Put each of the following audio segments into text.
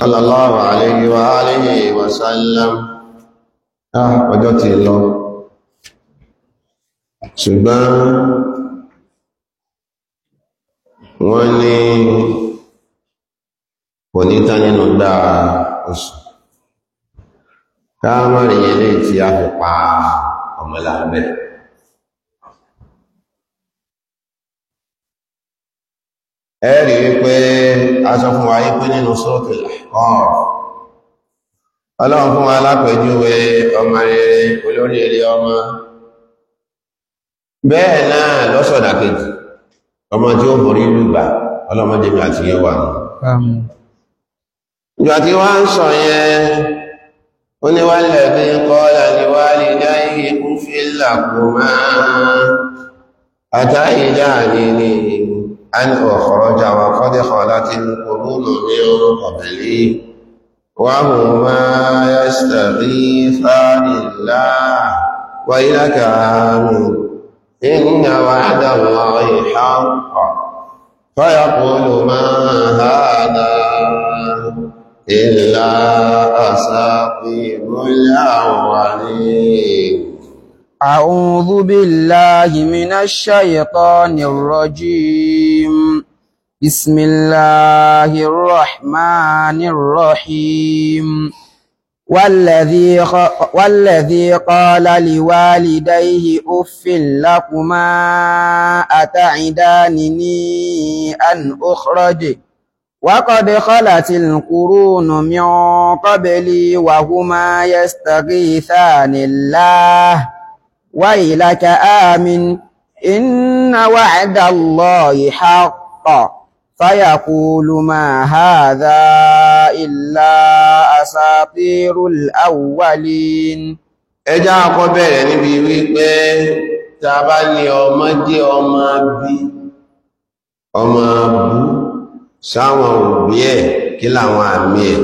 صلى الله عليه وآله وسلم ah ọjọ́ ti lọ ṣùgbọ́n wọ́n ní kò ní tán nínú gbá oṣù káàmàrí ilé tí a fi pa ọmọlàbẹ̀ẹ́ ẹ̀rì wípé aṣọ fún wa nínú suratul Ahqaf ọlọ́run fún wa ọmọ rere olórí ọmọ bẹ́ẹ̀ náà lọ́sọ̀dà kejì ọmọ tí ó borí lùgbà ọlọ́mọdé mi àti yẹn wà tí wọ́n ń sọ yẹn ó ní أن أخرج وقد خلت القرون من قبلي وهما يستغيثان الله ويلك آمين إن وعد الله حق فيقول ما هذا إلا أساطير الأولين أعوذ بالله من الشيطان الرجيم بسم الله الرحمن الرحيم والذي, خ والذي قال لوالديه أف لكما أتعدانني أن أخرج وقد خلت القرون من قبلي وهما يستغيثان الله وَإِلَكَ آمن إِنَّ وَعْدَ اللَّهِ حق فَيَقُولُ مَا هَذَا إِلَّا أَسَاطِيرُ الْأَوَّلِينَ ẹjá akọ bẹ̀rẹ̀ níbi wípé tá a bá lè ọmọ jẹ́ ọmọ bí ọmọ bú sáwọn òbí ẹ̀ kí láwọn àmì ẹ̀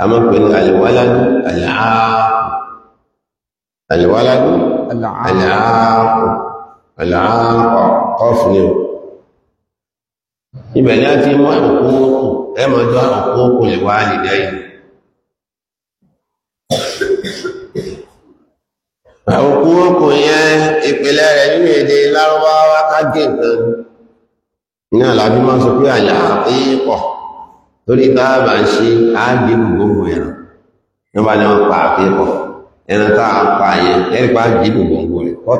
a mọ́ pẹ̀lú àlèwáládú àlèáàpù àlèwáládú àlàáàkù àlàáàkù kọ́ọ̀fù ni o ibẹ̀ ni a ti mọ́ ìkúmọ́kù ẹmọ́jọ́ àkókò lè wá nìdẹ́ yìí àkókò yẹn ìpìlẹ̀ rẹ̀ nínú èdè lárúbáwá kágé nǹkan ní àlàbí máa sọ pé àyà àpéyípọ̀ torí táàbà ń ṣe ágbé gbogbo ẹ̀rọ ní wọ́n bá wọ́n pa àpéyípọ̀ ẹran tá a pa yẹn ẹ̀rí pa jíbò gbòǹgbò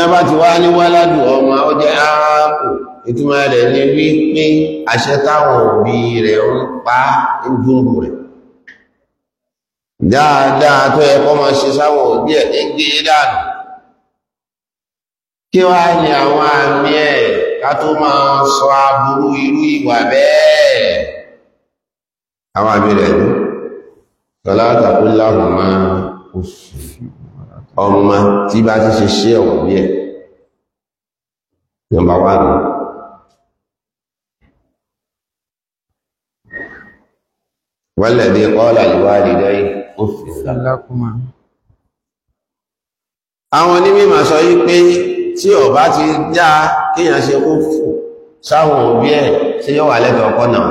a bá ti wá ní ọmọ ó jẹ́ ààbò ìtumọ̀ rẹ̀ wípé àṣẹ táwọn òbí rẹ ń pa ìdúnbù dáadáa tó yẹ kó máa ṣe sáwọn òbí ẹ̀ ní gbé e dànù kí ní àwọn àmì ẹ̀ sọ aburú irú ìwà bẹ́ẹ̀ àwọn àmì tọ́látàkó láwọn máa oṣù ọmọ tí bá ti ṣe ṣe ọ̀wọ̀ bí ẹ̀ nọmbà wà nù wọ́lẹ̀dẹ̀ kọ́lá ìwádìí lẹ́yìn ó fi lákùnmá àwọn onímọ̀ sọ yí pé tí ọba ti dá kíyàn ṣe fò sáwọn òbí ẹ̀ ṣe yọ́wà lẹ́tọ̀ọ́kọ́ náà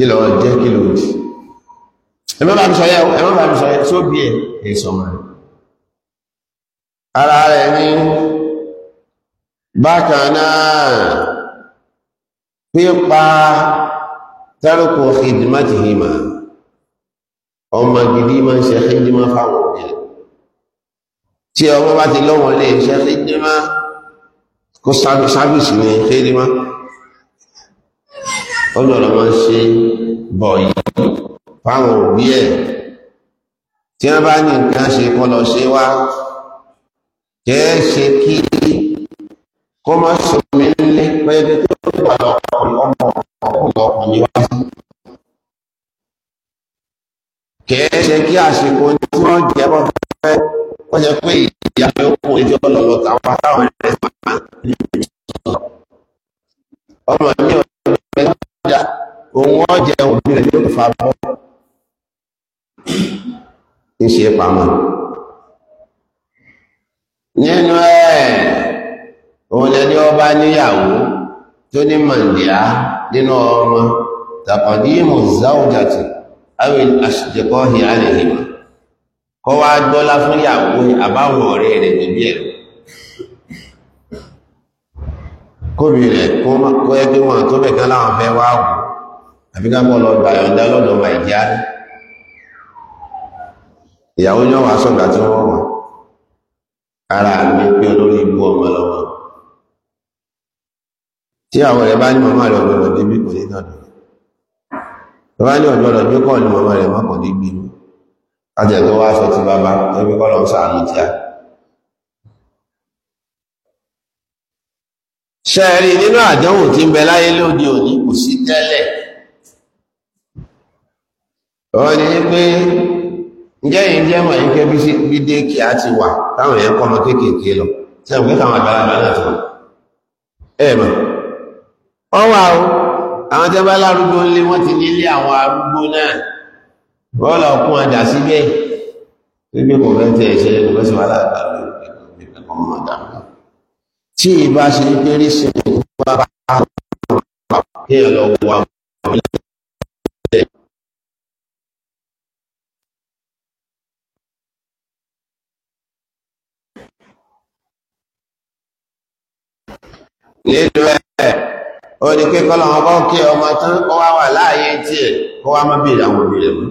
kí lọ jẹ́ kí lọ jù ẹmọ́ bá mi sọ yẹ́ ẹmọ́ bá mi sọ yẹ́ tí ó bí ẹ̀ èso mọ̀ rẹ̀ ara rẹ̀ ní bákan pípa tẹ́rùkù ìdìmá hìmà ọmọ gidi ma ń ṣe ìdìmá fáwọn òbí tí ọmọ bá ti lọ́wọ́ lè ṣe ìdìmá kó sábìsì ní ìdìmá ọlọ́rọ̀ wọn ṣe bọ̀ yìí fáwọn òbí ẹ̀ tí wọ́n bá ní nǹkan ṣe kọ́ lọ ṣe wá jẹ́ ṣe kí kó má sọmi nílé pẹ́ẹ́dẹ́ tó wà lọ́kùnrin ọmọ ọ̀pọ̀lọpọ̀ wá sí. kẹ́ ṣe kí àsìkò tí wọ́n jẹ́ bọ́ fẹ́ wọ́n jẹ́ pé ìyá rẹ̀ kún ìjọ lọ́lọ́ táwọn ẹ̀rẹ́ máa ń ọmọ mi ò òun ọjẹ òbí rẹ̀ yóò fa bọ́ ń ṣe pamọ́ nínú ẹ̀ òun lẹni ọba níyàwó tó ní màndíá nínú ọmọ tàkàndínmù záújàtì awil aṣìjẹkọ́ hì alìhìmọ̀ kọ́ wá gbọ́lá fún ìyàwó àbáwọn ọ̀rẹ́ rẹ̀ níbi ẹ̀rọ kóbi rẹ̀ kó ẹgbẹ́ wọn tó bẹ̀kẹ́ láwọn fẹ́ àfi ká bọ́ lọ gba ìyọ̀ǹda lọ́dọ̀ ọmọ ìjá ìyàwó ní ọmọ asọ́gbà tí wọ́n wà ara mi pé olórí ibú ọmọ lọ́wọ́ tí àwọn rẹ̀ bá ní màmá rẹ̀ ọ̀dọ̀ débi kò ní dọ̀dọ̀ tó bá ní ọ̀dọ̀ rẹ̀ bí kọ́ ní màmá rẹ̀ mọ́ gbé mi láti tó wá sọ ti bàbá ẹbí kọ́ lọ sàánú tíá ṣẹ́ẹ̀rí nínú àdánwò tí ń bẹ láyé lóde òní kò sí tẹ́lẹ̀ ọ̀rọ̀ ni ní pé ǹjẹ́ yìí jẹ́ mọ̀ yìí kẹ́bí sí bídé kí á ti wà táwọn èèyàn kọ́mọ kéékèèké lọ tí àwọn kẹ́kọ̀ọ́ àgbàlagbà náà ti wà ẹ mọ̀ ọ wà o àwọn tẹ́ bá lárúgbó ńlé wọ́n ti nílé àwọn arúgbó náà bọ́ọ̀lù ọkùn àjà síbẹ̀ gbígbé kò fẹ́ tẹ ẹ̀ṣẹ́ kò fẹ́ sí wà láàbà lórí ẹ̀kọ́ mọ̀ dáadáa tí ìbá ṣe pé rí ṣe wà bá kéèyàn lọ wà nínú ẹ̀ ó ní pé kọ́lọ̀ wọn kọ́ kí ọmọ tán kọ́ wá wà láàyè tí ẹ̀ kọ́ wá máa bèèrè àwọn òbí rẹ̀ mọ́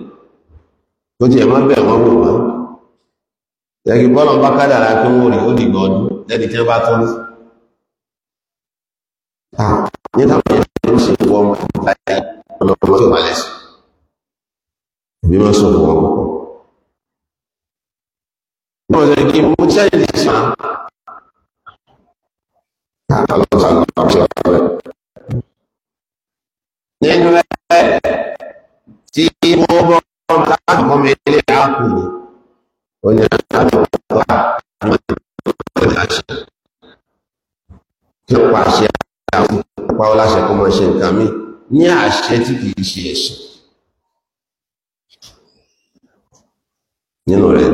tó ti ẹ̀ máa bẹ̀ wọ́n wò wọ́n tẹ́kì bọ́lọ̀ bá kádàrà pé wọ́n rí ó dìgbà ọdún lẹ́ni tí wọ́n bá tán nínú ẹ̀ tí wọ́n bọ́ láti mọ́ mi ilé àkùnrin ó ní láti wà àwọn ìgbà ṣe kí ó pàṣẹ àwọn ìpa ọláṣẹ kó mọ́ ṣe nǹkan mí ní àṣẹ tí kìí ṣe ẹ̀ṣẹ̀ nínú rẹ̀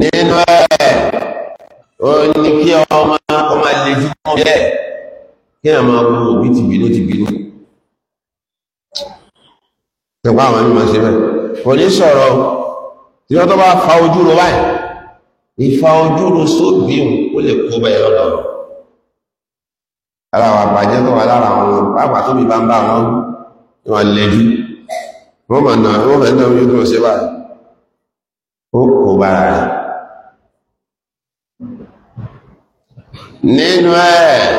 nínú ẹ̀ ó ní kí ọmọ ọmọ lè fi mọ́ bẹ́ẹ̀ kí a máa wo òbí ti bínú ti bínú ṣẹ̀pá àwọn mímọ̀ sí bẹ́ẹ̀ kò ní sọ̀rọ̀ tí wọ́n tó bá fa ojú ro báyìí ìfa ojú ro sóbìí ó lè kó bẹ́ẹ̀ lọ́dọ̀ ara àwọn àbàjẹ́ tó wà lára àwọn pàápàá tóbi bá ń bá wọn wọn lẹ́jú wọ́n mọ̀ náà wọ́n fẹ́ náà yóò tó ṣe báyìí ó kò bára rẹ̀ nínú ẹ̀ e,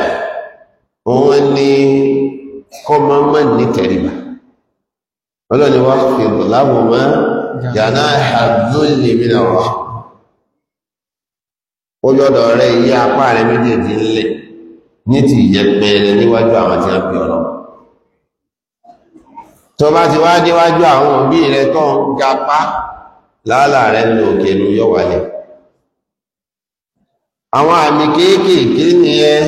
òun ni kọmọ mọ́ ní ọlọ́ni wá fi láwọn mọ́ mìíràn ó rẹ̀ yí apá rẹ̀ méjèèjì ńlẹ̀ ní ti níwájú àwọn tí fi tó bá ti wá níwájú àwọn òbí rẹ̀ tó ń àwọn àmì kéékèèké nìyẹn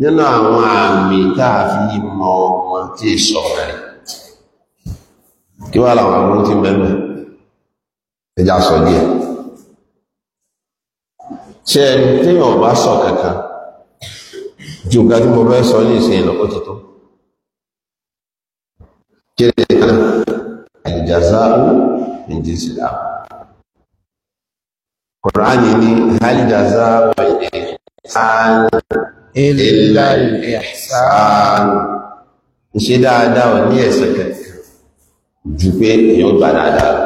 nínú àwọn àmì táà fi mọ ọmọ tí ìṣọ̀rọ̀ rẹ̀ kí wá làwọn àbúrú tí bẹ̀rẹ̀ ẹjá sọ díẹ̀ ṣe ẹni téèyàn bá sọ kankan ju nǹkan tí mo fẹ́ sọ ní ìsìn ìlọ́kó ti kí ni àlìjàzá ó ní jíṣìlá Kùránì ní halidaza ilẹ̀ ìsàn ṣe dáadáa ò ní ẹ̀sẹ̀ kẹta ju pé èyàn gbà dáadáa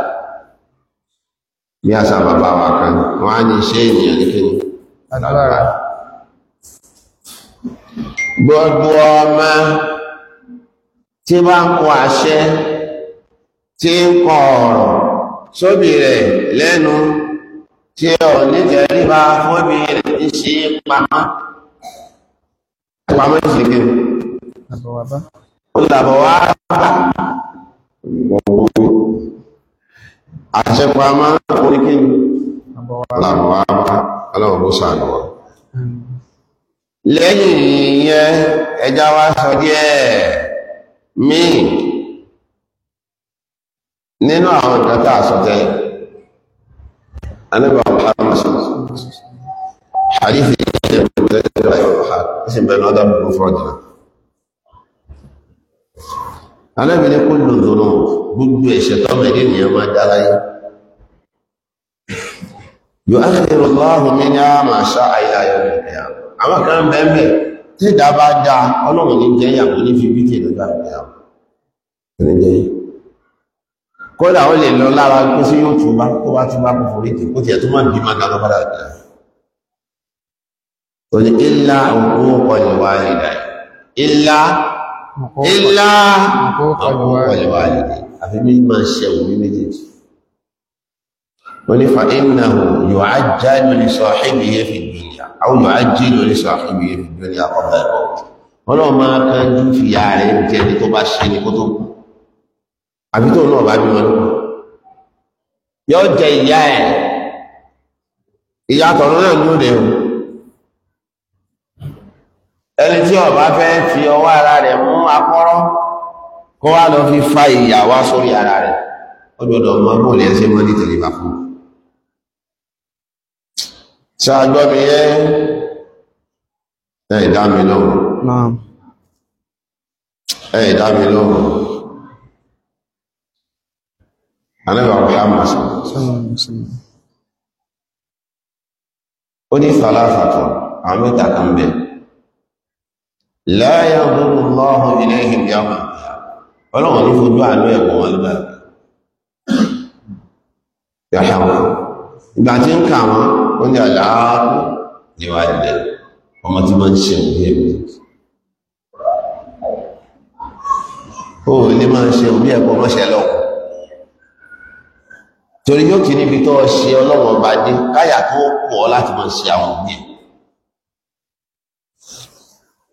bí àṣà bàbá wa kan wọ́n á ní ṣe ènìyàn ní kíni alágbára gbogbo ọmọ tí bá ń kọ àṣẹ tí ń kọ ọ̀rọ̀ sóbì rẹ̀ lẹ́nu tí ò ní tẹríba fóbi rẹ̀ ń ṣe pamọ́ pamọ́ ìṣègbè ó làbọ̀ wá gbogbo àṣẹpamọ́ oríkìní làbọ̀ wá bá ọlọ́run bó sàánù wọn lẹ́yìn ìyẹn ẹja wá sọ díẹ̀ míì nínú àwọn ìkàtà àsọtẹ́lẹ̀ Ànábì hadithi yẹn kò lẹ́yìn láì ọ̀há sí bẹ̀rẹ̀ ọ́dàbù ló fọ́jà alábìnrin kò lò lòrò gbogbo ẹ̀ṣẹ̀ tọ́mọ ẹ̀dẹ́ ni ọmọ dára yìí yóò ákèrè lọ́hùn mi ní àmà ṣá àyíláyọ̀ nìyà àwọn kan bẹ́ẹ̀ tí ìdá bá dá ọlọ́run ní jẹ́ ìyàwó ní fi bí kìlọ̀ gbà nìyà kódà ó lè lọ lára kó sí yóò tún bá kó bá tún bá kó forí kó tiẹ̀ tó má bí má ga lọ́ padà òní ilá òkú ọ̀lẹ̀wàlìdà ilá ilá òkú ọ̀lẹ̀wàlìdà àfi mímọ̀ ṣẹ̀wò ní méjèèjì onífà ìnáhù yóò ajá lórí sọ̀hìbì yẹ fi dúnyà àwọn yóò ajé lórí sọ̀hìbì yẹ fi dúnyà ọ̀bà ẹ̀kọ́ ọlọ́run máa kan jú náà bá bí wọn lóko yóò jẹ ìyá ẹ̀ ìyá náà ní ó dẹ̀ o ẹni tí ọba fẹ́ fi ọwọ́ ara rẹ̀ mú akọ́rọ́ kó wá lọ fi fa ìyà wá sórí ara rẹ̀ ó gbọ́dọ̀ mọ bó lè ṣe mọ́ nítorí bá fún ṣáàgbọ́ mi yẹ́ ẹ̀ dá mi lóhùn ẹ̀ dá mi lóhùn àlẹ́bà Muhammad ó ní fàlàfàtọ̀ àwọn mẹ́ta kan bẹ̀rẹ̀ láyà gbogbo lọ́hùn ilé ìhìnbí àwọn ọlọ́run ní fojú àánú ẹ̀wọ̀n wọn lọ́gbà yàrá wọn ìgbà tí ń kà wọn ó ọmọ tí wọ́n ṣe òbí ó máa ṣe òbí torí yóò níbi tó ṣe dé káyà tó pọ̀ láti máa ṣe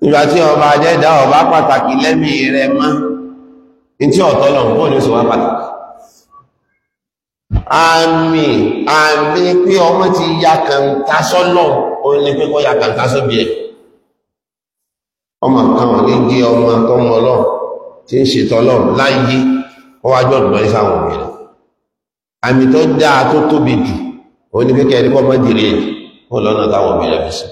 nígbà tí ọba ajẹ́dá ọba pàtàkì lẹ́mí rẹ mọ́ tí ọ̀tọ́ lọ pọ̀ ní ṣùgbọ́n pàtàkì àmì àmì pé ọmọ ti ya kàǹtà sọ́lọ̀ ó ní pé kọ́ ya kàǹtà sóbi ẹ̀ ọmọ kan ní gé ọmọ tọmọ ọlọ́run tí ń ṣètò ọlọ́run láyé ó wá gbọ́dọ̀ lọ sáwọn obìnrin àmì tó dáa tó tóbi jù ó ní pé kẹ́ni kọ́ mọ́ dìrẹ́ ó lọ́nà táwọn obìnrin fi sùn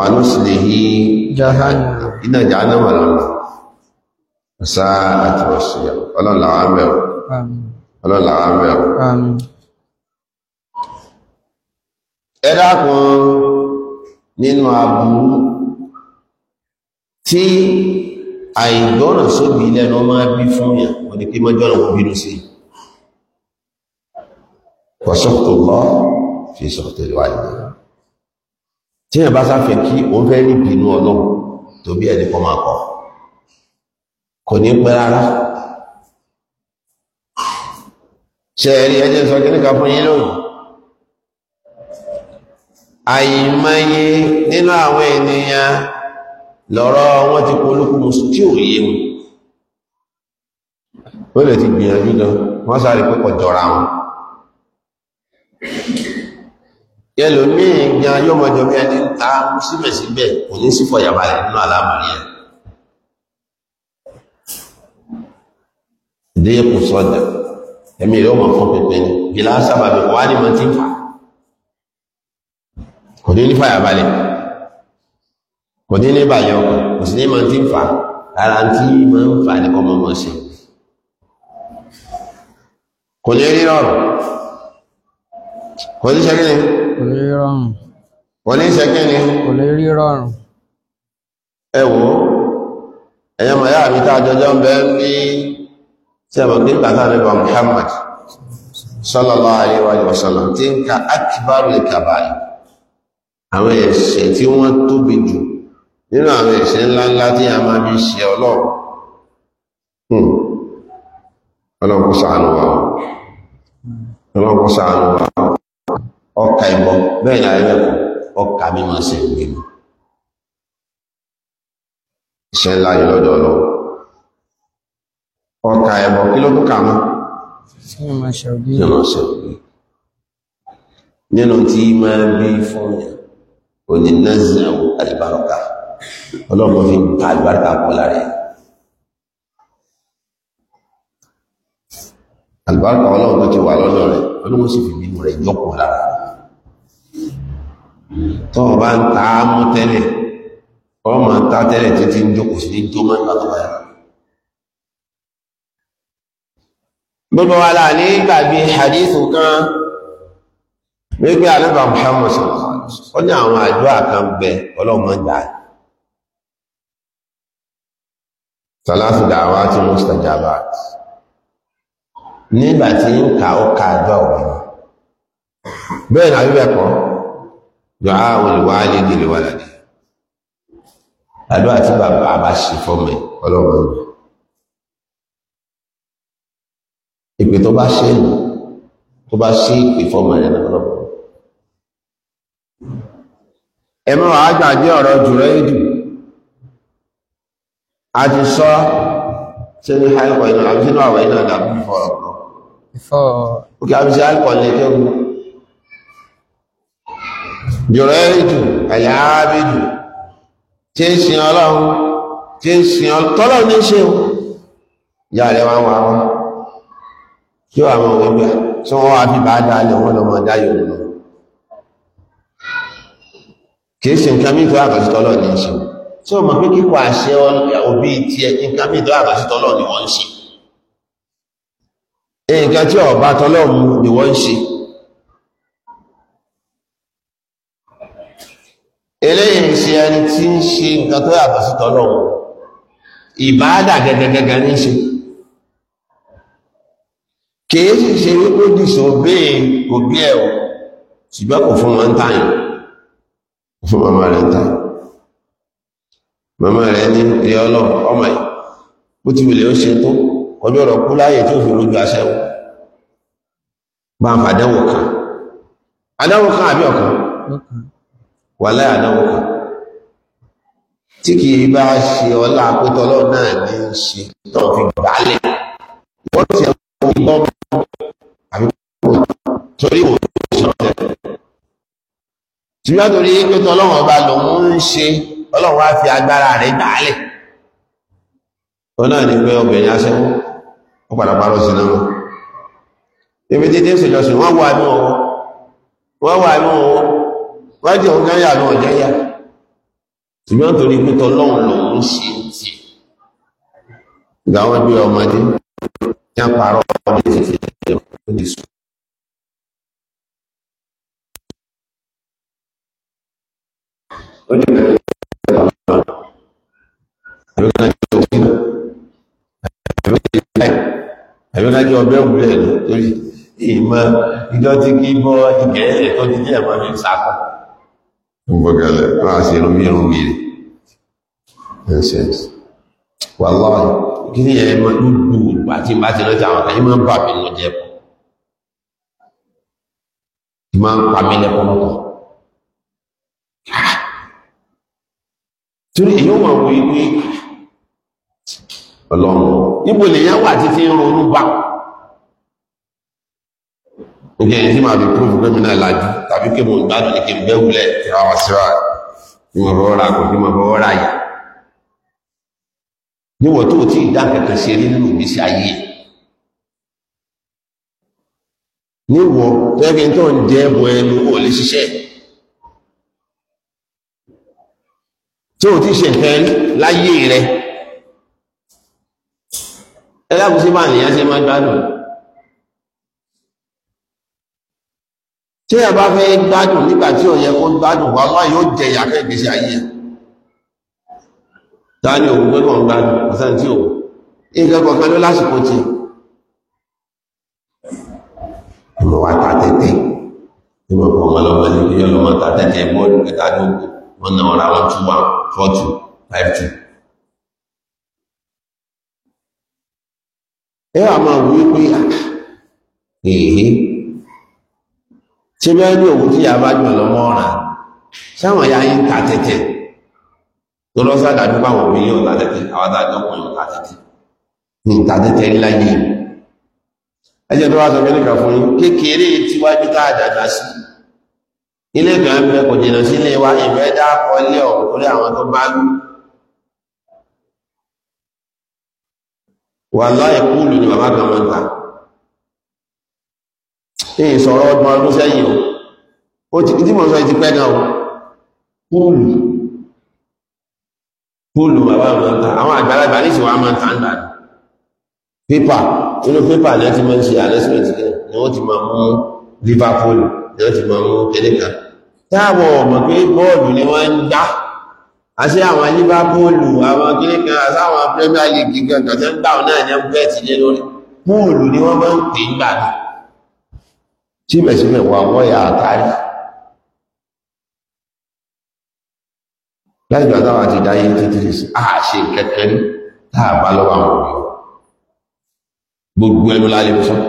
fanuslihi jahannam iná jahannam lọ́nà ṣá àti ọ̀ṣìyà ọlọ́lá àmẹ́rù ọlọ́lá àmẹ́rù ẹ dákun nínú aburú tí àìgbọ́nà sóbi lẹ́nu máa bí fún yà wọ́n ni pé mọ́jọ́ ọ̀nà wọ́n bínú sí wọ́n sọ́kùtò lọ́ fi sọ́kùtò ìwádìí tí èèyàn bá sáfẹ́ kí òun fẹ́ rí ìbínú ọlọ́run tó bí ẹni kan máa kọ kò ní pẹ́ rárá ṣe ẹ̀rí ẹjẹ́ sọ kí nìkan fún yín lónìí àìmọye nínú àwọn ènìyàn lọ́rọ̀ wọn ti polúkú tí ò yé mi ó lè ti gbìyànjú gan wọ́n sáré pé kò jọra wọn ẹlòmíì gan yóò mọ̀jọ bí ẹni ta síbẹ̀síbẹ̀ kò ní sí fọ̀yàbá rẹ̀ nínú àlámàrí ẹ̀ ìdíyẹ kò sọ́dà ẹ̀mí rẹ̀ ọmọ fún pẹ̀pẹ̀ ni bìlá sábàbí wà ní mọ̀ tí ń fà kò ní ní fàyàbá rẹ̀ kò ní ní bàyọ̀ kò sí ní mọ̀ tí ń fà ara tí mọ̀ ń fà ní ọmọ mọ̀ sí kò ní rí rọrùn kò ní ṣe kí ni kò lè rí ní ni kò lè rí rọrùn ẹ ẹ̀yàn mọ̀ yáà àjọjọ́ ní tí a mọ̀ ní nípa Muhammad tí ń ka akíbárò ìkàbàlì àwọn ẹ̀ṣẹ̀ tí wọ́n tóbi jù nínú àwọn ẹ̀ṣẹ̀ ńláńlá tí a máa ṣe ọlọ́run hmm. ọlọ́run ọkà ìbọn bẹ́ẹ̀ ni ayé ẹ̀kọ́ ọkà mímọ̀ sí ìwé mi iṣẹ́ ńlá yìí lọ́dọ̀ lọ ọkà ẹ̀bọn kí ló tún kà mọ́ nínú tí máa bí fún yàn òní nẹ́sìnàwó àlìbárọ̀ká ọlọ́pọ̀ fi gba àlìbárọ̀ká pọ̀ lára ẹ̀ àlìbárọ̀ká ọlọ́pọ̀ tó ti wà lọ́dọ̀ rẹ̀ ọlọ́pọ̀ sì fi nínú rẹ̀ yọkùn lára rẹ̀ tó o bá ń ta á mú tẹ́lẹ̀ ọ ma ta tẹ́lẹ̀ títí ń jókòó sí ní jó máa ń gbàgbọ́ yàrá gbogbo wa la ní gbàgbé hadithu kan wípé àlébà Muhammad sallallahu ní àwọn àdúrà kan bẹ ọlọ́mọ gbà á dàwà tí mo sàjàbà nígbà tí ń ka ó ka àdúrà bẹ́ẹ̀ ni àbíbẹ̀ kan du'aul walidi li waladi àdúrà tí bàbá bá ṣe fọ́mọ ọlọ́run ìpè tó bá ṣe nù tó bá ṣe ìpè fọ́mọ rẹ̀ náà lọ́pọ̀ ẹ̀mọ́ àgbàgbé ọ̀rọ̀ jùlọ ìdù a ti sọ ṣe ní hálùkọ̀ ìnà àbíṣẹ́ náà wẹ̀ náà dàbí fọ́ ọ̀rọ̀ ó kí a lè kẹ́gùn jọ̀rọ̀ ìjù àyàábìjù tí ń sin ọlọ́run tí ń sin ọlọ́run ní ṣe o ìyá rẹ̀ wá wá wọn kí wà mọ̀ wípé tí wọ́n wá fi bá dáálẹ̀ wọn lọ́mọ dáyọ̀ nínú kìí ṣe nǹkan mìí tó àkàṣítọ́ ọlọ́run ní ṣe tí ó mọ̀ pé kíkọ àṣẹ òbí ti nǹkan mìí tó àkàṣítọ́ ọlọ́run ni wọ́n ń ṣe nǹkan tí ọ̀bá tọ́lọ́run ni wọ́n ń ṣe eléyìí ṣe ẹni tí ń ṣe nǹkan tó yàtọ̀ sí tọ́lọ́wọ́ ìbáádà gẹ́gẹ́gẹ́gẹ́ ní ṣe kìí sì ṣe wípé dìṣọ́ bẹ́ẹ̀ e, kò bí ẹ̀ e o ṣùgbọ́n kò fún wọn ń tàyàn fún màmá rẹ̀ ń tàyàn màmá rẹ̀ ní ilé ọlọ́ ọmọ yìí bó ti wùlé ó ṣe tó ọjọ́ rọ̀ kú láyè tó fi lójú aṣẹ́wó bá ń fàdánwò kan adáwò kan àbí ọ̀kan wà láàánáwó kan tí kì í bá ṣe ọlá àpótọ́lọ́ náà ní í ṣe tó fi gbálẹ̀ wọ́n ti ẹ̀kọ́ ìbọn àbí kò torí òun ló ṣe ọ̀tẹ̀. ṣùgbọ́n torí pé tọ́lọ́wọ́n ọba lòun ń ṣe ọlọ́run á fi agbára rẹ̀ gbálẹ̀ ọ náà ni pé obìnrin aṣẹ́wó ó padà parọ́ sí náà ibi títí ìṣèjọsìn wọ́n wà ní ọwọ́ wọ́n wà ní ọwọ́ wájú ọ̀hún gan yà lọ́wọ́ jẹ́ yà ṣùgbọ́n torí pípọ̀ lọ́wọ́ lòún ṣe ń tì ìgbà wọn gbé ní àpárọ̀ ọmọdé ti fi lórí ìmọ̀ ìjọ kí bọ́ ìgẹ̀ẹ́lẹ̀ tó ti jẹ́ ẹ̀mọ́ fi sàkọ́ gbọ́gẹ̀lẹ̀ láàṣẹ irun bí irun wèrè nonsense wàláhì kí ní ẹ̀yẹ máa dúdú ìgbà tí bá ti lọ́jà àwọn ẹ̀yẹ máa ń bà mí lọ jẹ́ pọ̀ tí máa ń pa mí lẹ́pọ̀ lọ́pọ̀ torí èyí wọ̀n wo ìwé ọlọ́run níbo lèyàn wà tí fi ń ronú bá ó jẹ́ ẹni tí máa fi proof gómìnà lájú àbí kí mo gbádùn ní kí n bẹ́wùlẹ̀ ìràwọ̀ síra ní mo rọra kò ní mo rọra yìí níwọ̀n tó tí ìdá kẹ̀kẹ́ ṣe rí nínú ìgbésí ayé níwọ̀ tẹ́gẹ́ tó ń jẹ́ ẹbọ ẹnu ò lè ṣiṣẹ́ tí ò ti ṣe nǹkan láyé rẹ ẹlẹ́kùn bá nìyẹn ṣe máa gbádùn tí ẹ bá fẹ́ gbádùn nígbà tí ò yẹ kó gbádùn wà máa yóò jẹ ìyà fẹ́ ayé ta ni òun gbẹ́gbọ̀n gbádùn ọ̀sán tí òun ìgbẹ́gbọ̀n pẹ̀lú lásìkò tí ọmọ wa ta tẹ́tẹ́ nígbà kan ọmọ lọ́mọ ní ilé ọlọ́mọ ta tẹ́tẹ́ bọ́ọ̀lù kẹta ní òkú wọn náà ra wọn two one four two five two. ẹ wà máa wí pé èèyàn ṣé bí wọ́n ní òkú tí yàrá jù ọ̀ràn sáwọn ya yín ta tó lọ sádàjú báwọn òbí yóò ta àwọn adájọ́ kò yóò ta ní ta ńlá tó wá sọ pé nìkan fún yín kékeré tíwájú tá a dàgbà sí ilé ń bẹ kò jìnnà sílé wa ilé ta èyí sọ̀rọ̀ ọgbọ̀n ọdún sẹ́yìn o ó ti tí mọ̀ sọ ti pẹ́ gan o púùlù púùlù bàbá máa ń ta àwọn àgbàlagbà ní ìṣòwò máa ń ta ń dà pépà inú pépà ni wọ́n ti máa ń ṣe announcement ni ni wọ́n ti máa mú kẹ́lẹ́kà táàbọ̀ mọ̀ pé bọ́ọ̀lù ni wọ́n ń gbá àti àwọn Liverpool àwọn kẹ́lẹ́kà àti àwọn Premier League gẹ̀gẹ̀ tó ń gbà náà ní ẹgbẹ́ ti lé lórí púùlù ni wọ́n máa ń pè ń gbà náà síbẹ̀síbẹ̀ wà wọ́n yà àtàrí láti gbà táwọn àti ìdáyé títí sí àṣe kẹ̀kẹ́ ní tààbá lọ́wọ́ àwọn òbí gbogbo ẹnu lálẹ́ fún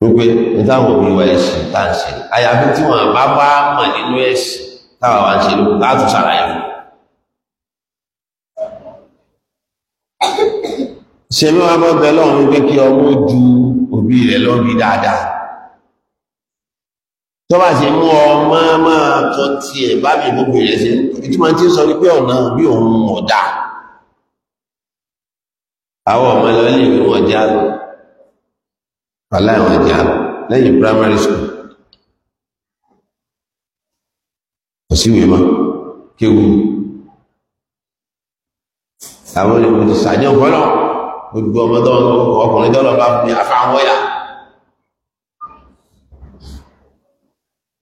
wípé ìtàwọn òbí wa ẹ̀sìn tá ń ṣe àyàfi tí wọn bá bá mọ̀ nínú ẹ̀sìn táwọn wa ń ṣe lókun láti ṣàlàyé ṣe ló wá bọ́ bẹ lọ́run pé kí ọmọ ju òbí rẹ̀ lọ́rí dáadáa tó bá ṣe mú ọmọ máa tọ́ ti ẹ̀ bá mi gbogbo rẹ̀ ṣe ìtí máa ti sọ ní ọ̀nà bí òun ọ̀dá àwọn ọmọ lọ́lẹ̀ ìwé wọn já lọ aláìwọ̀n já lọ lẹ́yìn primary school kò síwèé mọ́ kéwu àwọn olùkọ́ ti ṣàjọ fọlọ́ọ̀ gbogbo ọmọ tó ọkùnrin tó lọ bá fún mi àfàwọ́yà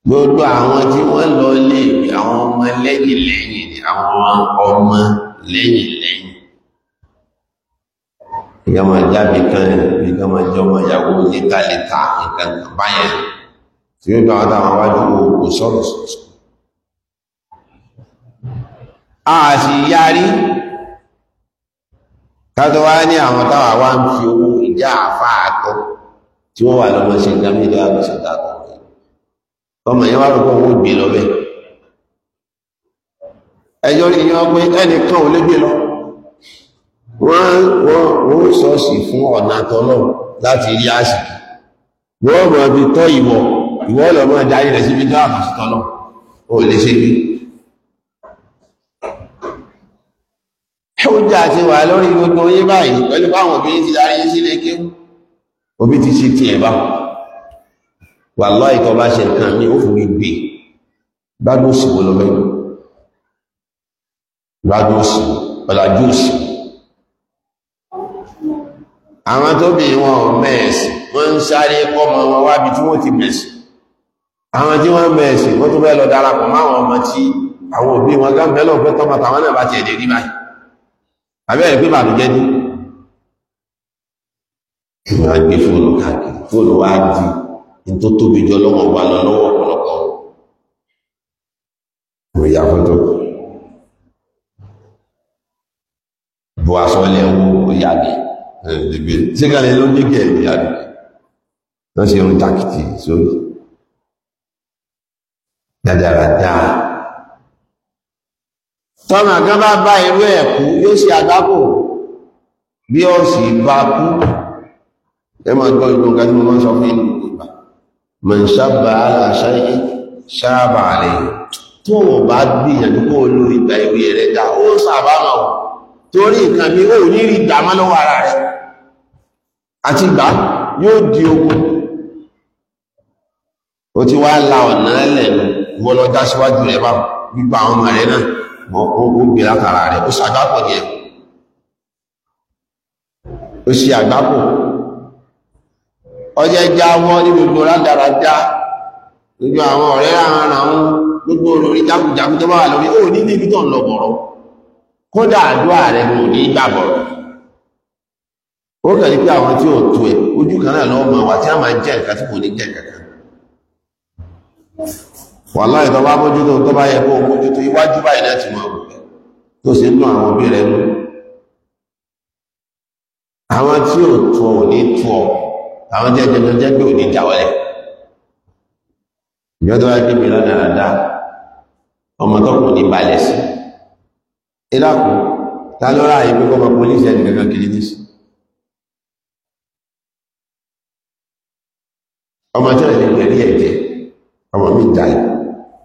gbogbo àwọn tí wọ́n lọ lè rí àwọn ọmọ lẹ́yìn lẹ́yìn àwọn ọmọ lẹ́yìn lẹ́yìn ìyá máa jáde kan ìyá máa jẹ ọmọ ìyàwó ní kàlẹ́ta nǹkan kátó wá ní àwọn táwà wá ń fi owó ìjà àfáàtọ tí wọ́n wà lọ́mọ ṣe nǹkan mídọ́ àgbẹ̀ṣẹ̀ dàtọ̀ ọmọ yẹn wá rọ̀ owó gbé lọ bẹ́ẹ̀ ẹjọ́ rí yán pé ẹnìkan ò lè gbé lọ wọ́n wọ́n sọ́ọ̀sì fún ọ̀nà tọ́lọ̀ láti rí àṣìkì wọ́n mọ̀ ibi tọ́ ìwọ̀ ìwọ́ lọ́mọ ìdáyé rẹ̀ síbi tó àbùsítọ́lọ̀ ò lè ṣe bí jà ti wà lórí gbogbo yí báyìí pẹ̀lú báwọn òbí ti darí yí sílé kí òbí ti ṣe tiẹ̀ bá wà lọ́ ìkọ́ bá ṣe nǹkan mi ó fún gbé gbádùn òsì wo lọ́fẹ́ gbádùn òsì ọ̀làjú òsì àwọn tó bí wọn ò mẹ́ẹ̀sì wọ́n ń sáré ọmọ wọn wábi tí wọ́n ti mẹ̀sì àwọn tí wọ́n mẹ̀ẹ̀sì wọ́n tó bẹ́ẹ̀ lọ darapọ̀ máwọn ọmọ tí àwọn òbí wọn gá pẹ́ tọ́mọ tàwọn náà bá ti ẹ̀dẹ̀ rí báyìí abẹ́rẹ́ pé bàbújẹ́ ní ìwà gbé fóònù káàkiri fóònù wá di tó tóbi jọ lọ́wọ́ wà lọ lọ́wọ́ ọ̀pọ̀lọpọ̀ mo yà fọ́tò bó aṣọ ilé owó yàgbé ẹ̀ẹ́dẹ̀gbẹ̀ síkàlẹ̀ ló ní kẹ́ ẹ̀mí yàgbé wọ́n ṣe ń takìtì sórí dáadáa dáa tọ́nà kan bá bá irú ẹ̀kú yóò ṣe àdápò bí ó sì bá kú ẹ máa gbọ́ ìgbọ́n ga tí mo máa ń sọ fún ìlú ìgbà mọ̀ ń sábà aláṣẹ sábà rẹ̀ tó wọ́n bá gbìyànjú kó o lo ìgbà ìwé rẹ̀ dá ó sábà máa torí nǹkan mi ó ní rí ìgbà lọ́wọ́ ara rẹ̀ àti ìgbà yóò di ogun ó ti wá la ọ̀nà ẹlẹ́nu wọ́n lọ já síwájú rẹ̀ bá gbígbà ọmọ rẹ̀ náà ó gbé látara rẹ̀ ó ṣàgbápò ní ẹ̀ ó ṣe àgbápò ọjọ́ ẹja wọ́n ní gbogbo rádaràdá gbogbo àwọn ọ̀rẹ́ àwọn àwọn gbogbo olórí jákùjákù tó bá wà lórí ó ní níbi tó ń lọ bọ̀rọ̀ kódà àdúrà rẹ̀ ní gbà bọ̀rọ̀ ó kẹ̀lé pé àwọn tí ó tó ẹ̀ ojú wàhálà ìtọ́ bá mójútó tó bá yẹ kó mójútó iwájú báyìí náà ti mọ̀ ọ̀gbẹ́ tó sì ń dùn àwọn òbí rẹ̀ nù àwọn tí ò tu ọ̀ ní tu ọ̀ àwọn jẹ́ dandan jẹ́ pé ò ní jáwọlẹ̀ ìjọ tó wá pé mi lọ́nà àdá ọmọ tó kù ní balẹ̀ sí ẹ ta ló ráàyè pé kọ́mọ pólísì ẹnì kankan kiri nísì ọmọ tí ò lè rí ẹ̀jẹ̀ ọmọ mi jalè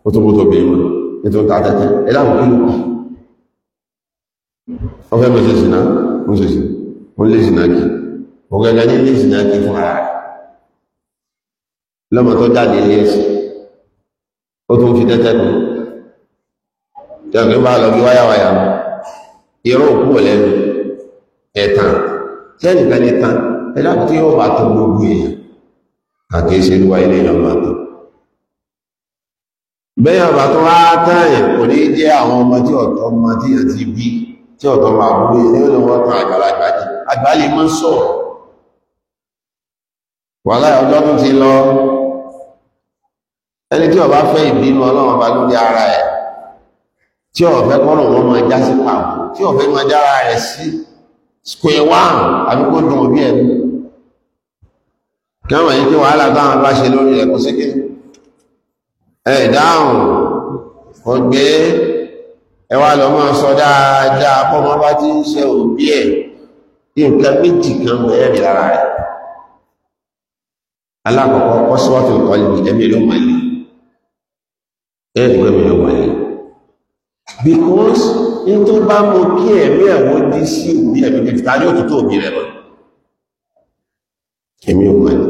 ó tó bótó bèèrè wọn ètò ta tẹ́tẹ́ ẹ̀dàkùn kí ló kù ọfẹ́ mọ́ sí ìsìná ó sì sí ó lè ìsìná kí ọ̀gẹ́gẹ́ ní lè ìsìná kí fún ara rẹ̀ lọ́mọ tó jáde ilé ẹ̀sìn ó tún fi tẹ́tẹ́ kù tẹ́lẹ̀ bá lọ bí wáyàwáyà irọ́ òkú wọ̀ lẹ́nu ẹ̀tàn sẹ́nìkan ní tán ẹ̀dàkùn tí yóò bá tó gbogbo èèyàn àti ìṣèlú wa bẹ́yìn ọba tó wá tààyàn kò ní jẹ́ àwọn ọmọ tí ọ̀tọ̀ ọmọ tí yàn ti bí tí ọ̀tọ̀ máa bú ní ó lè wọ́n tán àgbàlagbà jì àgbàlè mọ́ sọ̀rọ̀ wà láì ọjọ́ tó ti lọ ẹni tí ọba fẹ́ ìbínú ọlọ́run ọba lórí ara ẹ̀ ẹ dáhùn ọgbẹ ẹ wá lọ máa sọ dáadáa bọ́mọ bá ti ń ṣe òbí ẹ̀ nǹkan méjì kan bẹ̀rẹ̀ lára rẹ̀ alákọ̀ọ́kọ́ kọ́síwọ́tò kọlù ẹ̀mí ló wà ní ẹ̀ẹ́dẹ̀gbẹ̀mí ló wà ní because in tó bá mọ kí ẹ̀mí ẹ̀wọ́ dí sí òbí ẹ̀mí kẹfì tàbí òtútù òbí rẹ̀ lọ ẹ̀mí ò wà ní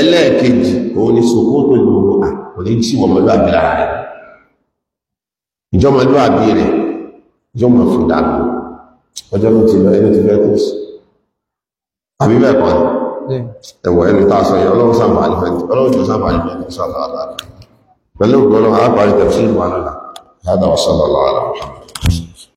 ẹlẹ́ẹ̀kejì òun ni sòkó tó lòrò àti kò ní tí wọ́n mọ́lúwàbí lára rẹ̀ ìjọmọlúwàbí rẹ̀ yóò mọ̀ fún dànù ọjọ́ ló ti lọ ẹni ti fẹ́ kó sí àbí bẹ́ẹ̀ kọ́ ẹ̀wọ̀ ẹni tá a sọ yẹn ọlọ́run sàǹfààní fẹ́ ọlọ́run tó sàǹfààní fẹ́ ní sàǹfààní pẹ̀lú ògbọ́n alápàárí tẹ̀síìmù alọ́lá هذا وصلى الله على محمد